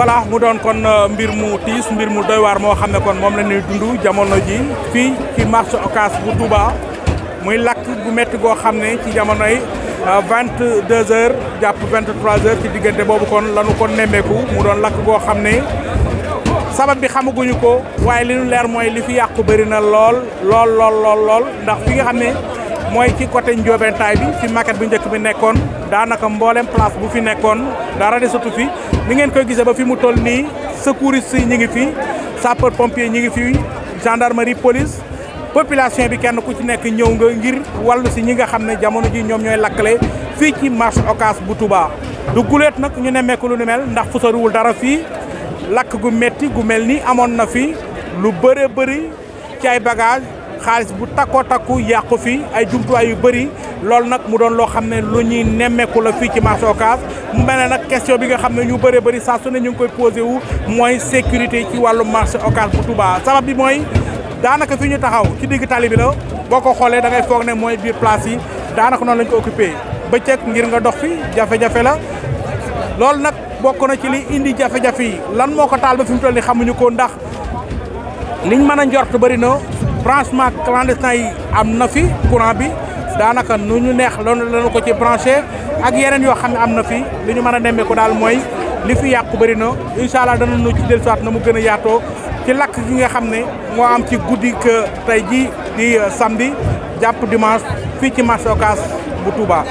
voilà mu doon kon euh, mbir mu tiis mbir mu doy waar moo xam ne kon moom la ñuy dund jamono ji fii ci marché Ocass bu Touba muy lakk gu métti goo xam ne ci jamonoy euh, vingt deux heures jàpp vingt trois heures ci diggante boobu kon lanu kon nemmeeku mu doon lakk goo xam ne sabab bi xamaguñu ko waaye li ñu leer mooy li fi yàqu bëri na lool lool lool lool lool ndax fi nga xam ne. mooy ci côté Ndiobentaay bi fi maquette bu njëkk bi nekkoon daanaka mboolem place bu fi nekkoon dara desatu fi ni ngeen koy gisee ba fi mu toll nii secouriste yi ñu ngi fi sapeur pompier ñu ngi fi gendarmerie police population bi kenn ku ci nekk ñëw nga ngir wàllu si ñi nga xam ne jamono ji ñoom ñooy lakkale fii ci marché Ocass bu Touba. du guleet nag ñu nemmeeku lu ni mel ndax fu soriwul dara fi lakk gu metti gu mel ni amoon na fi lu bëre bëri ci ay xaalis bu takkoo takku yàqu fi ay jumtuwaay yu bëri loolu nag mu doon loo xam ne lu ñuy nemmeeku la fii ci marché Ocass mu mel ne nag question bi nga xam ne ñu bëree bëri saa su ne ñu ngi koy posé wu mooy sécurité ci wàllu marché Ocass bu Touba sabab bi mooy daanaka fi ñu taxaw ci digg tali bi boo ko xoolee da ngay foog ne mooy biir place yi daanaka noon lañ ko occupé bëccëg ngir nga dox fi jafe-jafe la loolu nag bokk na ci li indi jafe-jafe yi lan moo ko taal ba fi mu toll ni xamuñu ko ndax liñ mën a njort bëri na branchement clandestin yi am na fi courant bi daanaka nu ñu neex loolu lañu ko ci branché ak yeneen yoo xam ne am na fi li ñu mën a nemmeeku daal mooy li fi yàqu bëri na incha allah dana nu ci dellusiwaat na mu gën a yaatoo ci lakk gi nga xam ne moo am ci guddi que tey ji di sambi jàpp dimanche fii ci marché Ocass bu Touba.